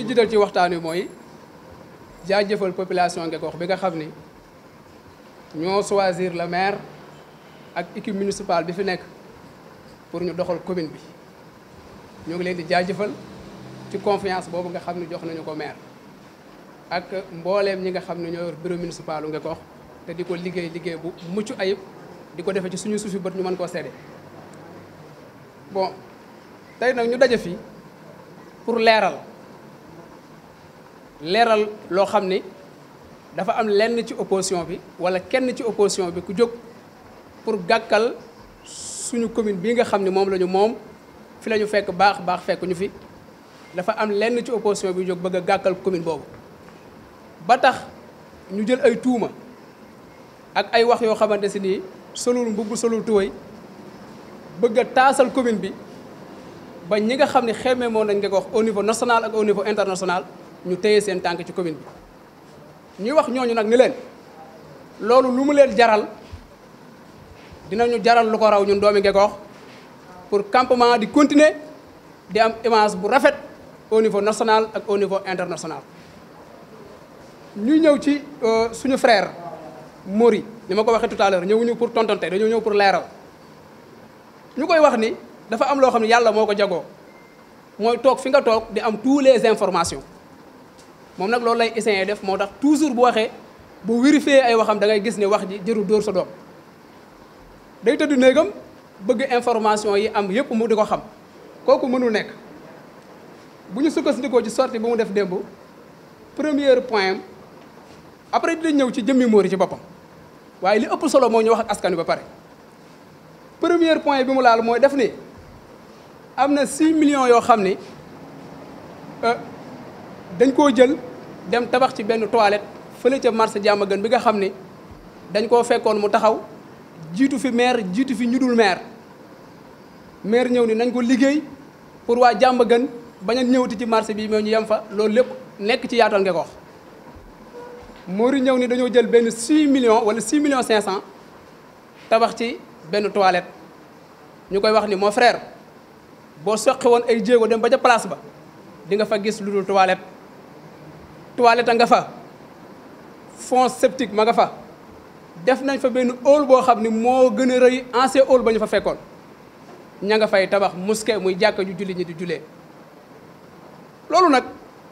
li jiital ci waxtaan wi mooy jaajëfal population Ngekox bi nga xam ni ñoo choisir le maire ak équipe municipale bi fi nekk pour ñu doxal commune bi ñoo ngi leen di jaajëfal ci confiance boobu nga xam ne jox nañu ko maire ak mbooleem ñi nga xam ne ñoo yor bureau municipal Ngekox te di ko liggéey liggéey bu mucc ayib di ko defe ci suñu suufi bët ñu mën koo seede bon tey nag ñu daje fii pour leeral leeral loo xam ni dafa am lenn ci opposition bi walla kenn ci opposition bi ku jóg pour gàkkal suñu commune bii nga xam ni moom lañu moom fi la ñu fekk baax baax fekk ñu fi dafa am lenn ci opposition bi jóg bëgg gàkkal commune boobu ba tax ñu jël ay tuuma ak ay wax yoo xamante si nii solul mbubb solul tuway bëgg a taasal commune bi ba ñi nga xam ne xeme moom nañ nga ko wax au national ak au niveau international Nous sen tank ci commune Nous wax ñoñu ni leen Nous lu mu nous jaral dinañu jaral lu raw ñun doomi pour campement di continuer di am image bu au niveau national ak au niveau international ñu ñew ci euh, suñu frère Mori ni ma ko tout à l'heure ñu pour tontante nous ñew pour Nous ñu koy wax ni dafa am lo fi nga di tous les informations moom nag loolu lay essayé def moo tax toujours bu waxee bu vérifier ay waxam da ngay gis ne wax ji jëru dóor sa doom day tëdd néegam bëgg information yi am yëpp mu di ko xam kooku mënul nekk bu ñu sukkandikoo ci sortie bi mu def démb premier point après di dina ñëw ci jëmmi Mori ci boppam waaye li ëpp solo moo ñu wax ak askan wi ba pare première point bi mu laal mooy def ni am na 6 millions yoo xam ni euh, dañ koo jël dem tabax ci benn toilette fële ca marché jàmm gën bi nga xam ne dañ koo fekkoon mu taxaw jiitu fi maire jiitu fi ñudul maire maire ñëw ni nañ ko liggéey pour waa jàmm gën bañ a ñëwati ci marché bi ñu yem fa loolu lépp nekk ci yaatal nga ko wax Mori ñëw ni dañoo jël benn 6 millions wala 6 millions 500 tabax ci benn toilette ñu koy wax ni mon frère boo soqi woon ay jéego dem ba ca place ba di nga fa gis lu dul toilette toilette nga fa fond septique ma nga fa def nañ fa benn hall boo xam ni moo gën a rëy ancien hall ba ñu fa fekkoon ña nga fay tabax mosquée muy jàkka ju julli ñi di jullee loolu nag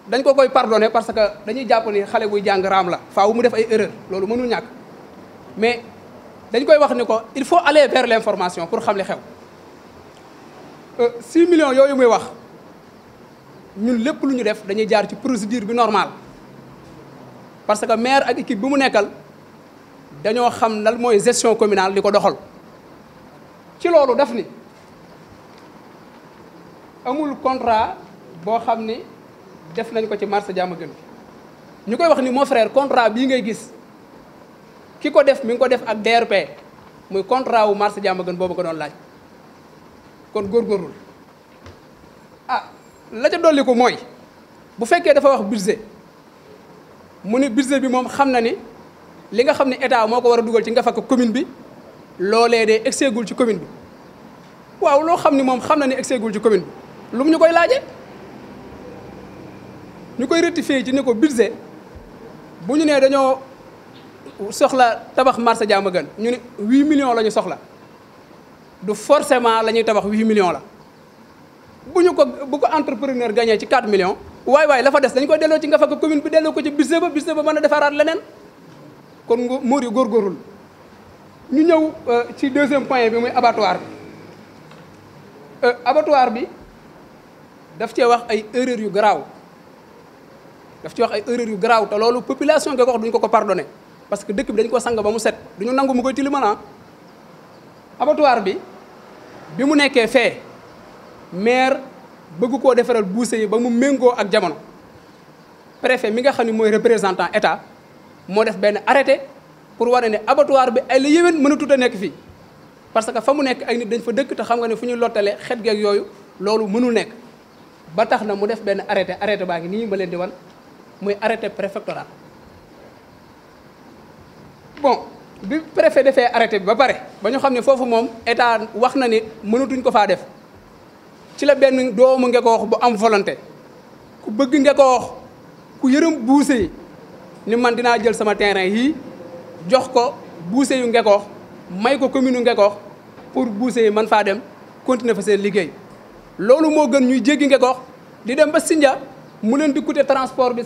dañ ko koy pardonné parce que dañuy jàpp ni xale buy jàng raam la faaw mu def ay erreur loolu mënu ñàkk mais dañ koy wax ni ko il faut aller vers l'information pour xam li xew 6 euh, millions yooyu muy wax ñun lépp lu ñu def dañuy jaar ci procédure bi normale parce que maire ak équipe bi mu nekkal dañoo xam lan mooy gestion communal di ko doxal ci loolu def ni amul contrat boo xam ni def nañ ko ci marché Diamaguène bi ñu koy wax ni mon frère contrat bii ngay gis ki ko def mi ngi ko def ak DRP muy contrat wu marché Diamaguène boobu ko doon laaj kon góorgóorlu ah la ca dolli ko mooy bu fekkee dafa wax budget mu ne budget bi moom xam na ni li nga xam ne état moo ko war a dugal ci nga fakk commune bi loolee de exeegul ci commune bi waaw loo xam ni moom xam na ni exeegul ci commune bi lu mu ñu koy laaje ñu koy rectifier ci ni ko budget bu ñu nee dañoo soxla tabax marché jaama gën ñu ne 8 millions la ñu soxla du forcément la ñuy tabax 8 million la bu ñu ko bu ko entrepreneur gagné ci 4 millions way way la fa dess dañ ko delo ci nga ko commune bi delo ko ci bisse ba bisse ba mën a defaraat leneen kon muur gor gorul ñu ñew euh, ci deuxième point bi muy abattoir bi euh, abattoir bi daf ci wax ay erreur yu graw daf ci wax ay erreur yu graw ta lolu population nga ko wax duñ ko ko pardonner parce que dekk bi dañ ko sang ba mu set duñu nangu mu koy tilimanaa ah. abattoir bi bi mu nekké fé maire bëgg koo defaral buuse yi ba mu méngoo ak jamono préfet mi nga xam ne mooy représentant état moo def benn arrêté pour wane ne abattoir bi ay la yéwén mën a nekk fii parce que fa mu nekk ay nit dañ fa dëkk te xam nga ne fu ñu lottalee xet geek yooyu loolu mënul nekk ba tax na mu def benn arrêté arrêté baa ngi nii ma leen di wan muy arrêté préfectoral bon bi préfet defee arrêté bi ba pare ba ñu xam ne foofu moom état wax na ni mënatuñ ko faa def ci la benn doomu Ngekoox bu am volonté ku bëgg Ngekoox ku yërëm buuse yi ni man dinaa jël sama terrain yii jox ko buuse yu Ngekoox may ko commune Ngekoox pour buuse yi man faa dem continuer fa seen liggéey loolu moo gën ñuy jéggi Ngekoox di dem ba Sindia mu leen di coûter transport bi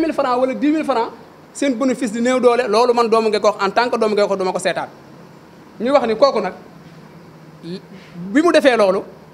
mille francs wala 10 000 francs seen bénéfice di néew doole loolu man doomu Ngekoox en tant que doomu Ngekoox duma ko seetaat ñuy wax ni kooku nag bi mu defee loolu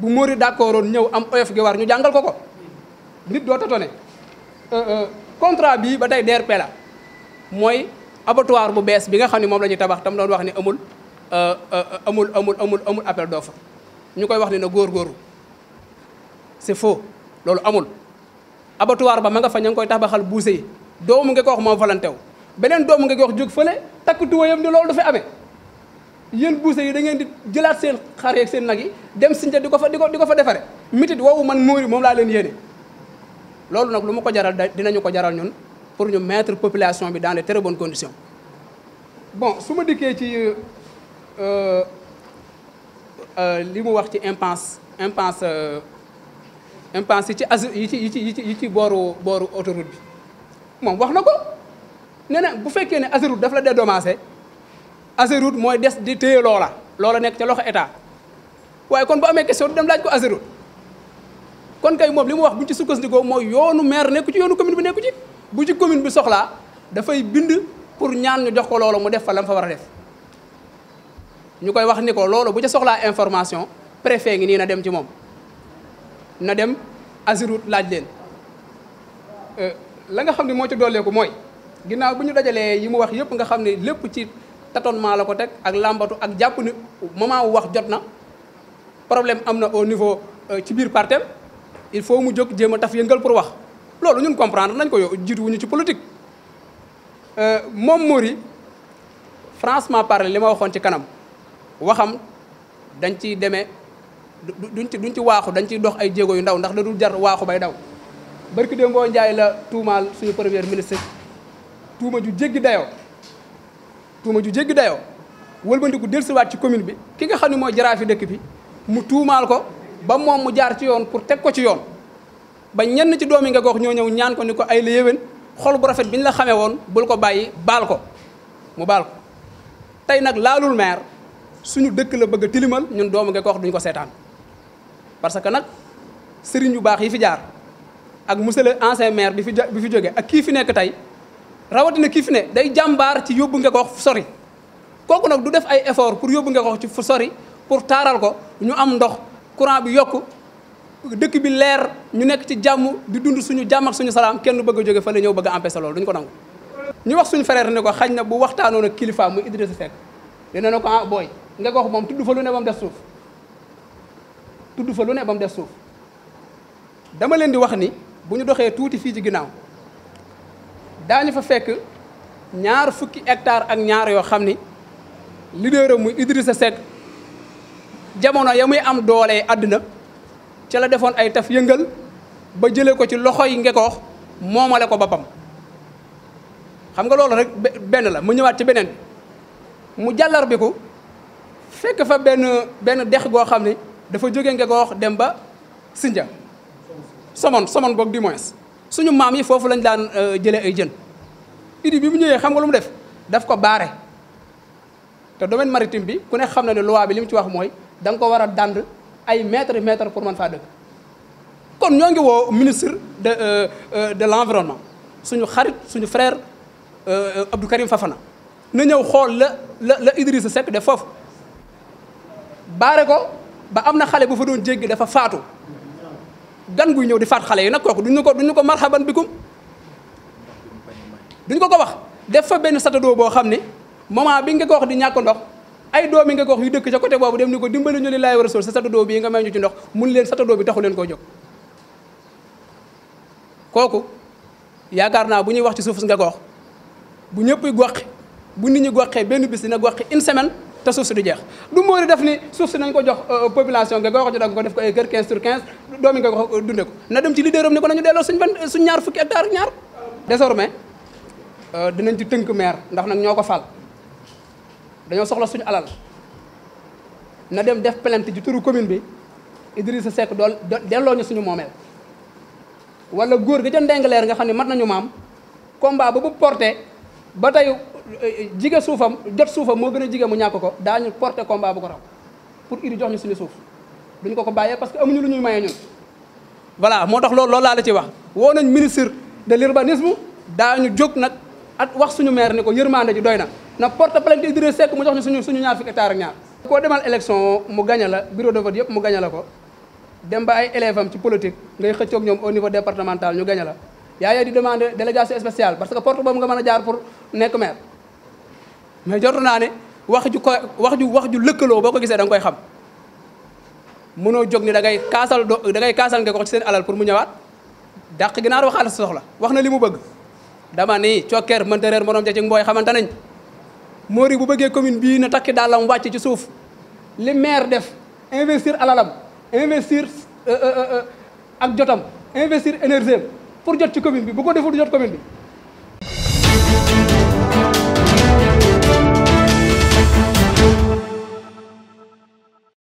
bu Mori d'accord woon ñëw am oyof gi war ñu jàngal ko ko nit doo tatone euh, euh, contrat bii ba day DRP la mooy abattoir bu bees bi nga xam ne moom la ñuy tabax tam doon wax ne amul euh, amul amul amul amul appel d'offre ñu koy wax ne na góor góoru c'est fo loolu amul abattoir ba ma nga fa ña ngi koy tabaxal buuse yi doomu nga ko wax moom volonté wu beneen doomu nga ko wax jóg fële takk tuwayam ni loolu du ame yéen buuse yi da ngeen di jëlaat seen xar yeeg seen nag yi dem sinja diko fa diko diko fa defare mitit woowu man mouri mom la leen yene lolou nak luma ko jaral dinañu ko jaral ñun pour ñu mettre population bi dans de très bonnes conditions bon suma diké ci euh euh limu wax ci impasse impasse euh, impasse ci as yi ci yi ci yi ci boru boru autoroute bi mom wax nako ko bu fekkee ne autoroute la dédommager Azerut mooy des di téye loola loola nekk ca loxo état waaye kon bu amee question du dem laaj ko Azerut kon kay moom li mu wax bu ñu ci sukkandikoo mooy yoonu maire nekku ci yoonu commune bi nekku ci bu ci commune bi soxlaa dafay bind pour ñaan jox ko loola mu def fa lam war a def koy wax ni ko loolu bu ca soxlaa information préfet ngi nii na dem ci moom na dem Azerut laaj leen euh, la nga xam ne moo ci dooleeku mooy ginnaaw bu ñu dajalee yi mu wax yëpp nga xam ne lépp ci. tâtonnement la ko teg ak làmbatu ak jàpp ni moment wu wax jot na problème am na au niveau euh, ci biir partem il faut mu jóg jéem a taf yëngal pour wax loolu ñun comprendre nañ ko yow jiituwuñu ci politique euh, moom Mori franchement parlé li ma waxoon ci kanam waxam dañ ciy demee duñ ci duñ ci waaxu dañ ciy dox ay jéego yu ndaw ndax da dul jar waaxu bay daw barki démb boo njaay la tuumaal suñu premier ministre tuuma ju jéggi dayoo tuuma ju jéggi dayoo wëlbandiku dellusiwaat ci commune bi ki nga xam ne mooy fi dëkk bi mu tuumaal ko ba moom mu jaar ci yoon pour teg ko ci yoon ba ñenn ci doomi nga gox ñoo ñëw ñaan ko ni ko ay la yéwén xol bu rafet bi ñu la xamee woon bul ko bàyyi baal ko mu baal ko tey nag laalul maire suñu dëkk la bëgg a tilimal ñun doomu nga gox duñ ko seetaan parce que nag sëriñ yu baax yi fi jaar ak monsieur le ancien bi fi bi fi jóge ak kii fi nekk tey rawatina kii fi ne day jàmbaar ci yóbbu nga ko sori kooku nag du def ay effort pour yóbbu nga ci fu sori pour taaral ko ñu am ndox courant bi yokk dëkk bi leer ñu nekk ci jàmm di dund suñu jàmm suñu salaam kenn bëgg a jóge fa la ñëw bëgg a empêcher duñ ko nangu. ñu wax suñu frère ne ko xañ na bu waxtaanoon ak kilifa muy Idrissa Seck dina ne ko ah booy nga gox moom tudd fa lu ne ba mu def suuf tudd fa lu ne ba mu suuf dama leen di wax ni bu ñu doxee tuuti fii ci ginnaaw. daañu fa fekk ñaar fukki hectare ak ñaar yo xamni leader mu Idrissa Seck jamono ya muy am doole aduna ci la defoon ay taf yeungal ba jele ko ci loxo yi ko momale ko boppam xam nga lolu rek ben la mu ñewat ci benen mu jallar bi ko fekk fa ben ben dex go xam ni dafa jóge ngekoox dem ba Sinja somon somon bok du moins suñu maam yi foofu lañu daan euh, jëlee ay jën idi bi mu ñëwee xam nga lu mu def daf ko baare te domaine maritime bi ku ne xam na ne loi bi li mu ci wax mooy danga ko war a dànd ay mètre mètre pour man faa dëkk kon ñoo ngi woo ministre de euh, euh, de l'environnement suñu xarit suñu frère Abdou Karim Fafana na ñëw xool la la la Idrissa def foofu baare ko ba am na xale bu fa doon jéggi dafa faatu gan guy ñëw di faat xale yi nag kooku duñu ko duñu ko marhaban bikum duñ ko ko wax def fa benn satadoo boo xam ne moment bi nga ko wax di ñàkk ndox ay doomi nga ko wax yu dëkk ca côté boobu dem ni ko dimbali ñu li laay war a sol sa satadoo bii nga may ñu ci ndox mun leen satadoo bi taxu leen koo jóg kooku yaakaar naa bu ñuy wax ci suuf si nga ko wax bu ñëpp goqi bu nit ñi goqee benn bis dina goqi une semaine ta suuf si du jeex du moori def ni suuf si nañ ko jox euh, population ga goxo wax da ko def ko ay kër 15 sur 15 doomi nga ko euh, dundé ko na dem ci leaderum am ni ko nañu delo suñ ban euh, suñ ñaar fukki hectare ñaar désormais euh dinañ ci teunk maire ndax nak ñoko fal dañu soxla suñ alal na dem def plainte ci turu commune bi Idrissa Seck dol delo ñu suñu momel wala goor ga ca leer nga xamni mat nañu maam combat ba bu porter ba tey jige suufam jot suufam moo gën a jige mu ñàkk ko daañu porter combat bu ko raw pour iri jox ñu suñu suuf duñ ko ko bàyyee parce que ñu lu ñuy maye ñun. voilà moo tax lool loolu laa la ci wax woo nañ ministre de l'urbanisme ñu jóg nag at wax suñu maire ni ko yërmande ji doy na na porte plainte Idrissa Seck mu jox ñu suñu suñu ñaar fukki hectare ak ñaar. koo demal élection mu gaña la bureau de vote yëpp mu gaña la ko dem ba ay élèves am ci politique ngay xëccoog ñoom que porte boobu a jaar mais jortu naa ne wax ju ko wax ju wax ju lëkkaloo boo ko gisee danga koy xam mënoo jóg ni da ngay kaasal do da ngay kaasal nga ko ci seen alal pour mu ñëwaat dàq ginaar wax alal soxla wax na li mu bëgg dama ni cokkeer mënta réer morom ja ci mbooy xamante nañ Mori bu bëggee commune bii na takki dàllam wàcc ci suuf li maire def investir alalam investir euh, euh, euh, ak jotam investir énergie pour jot ci commune bi bu ko deful jot commune bi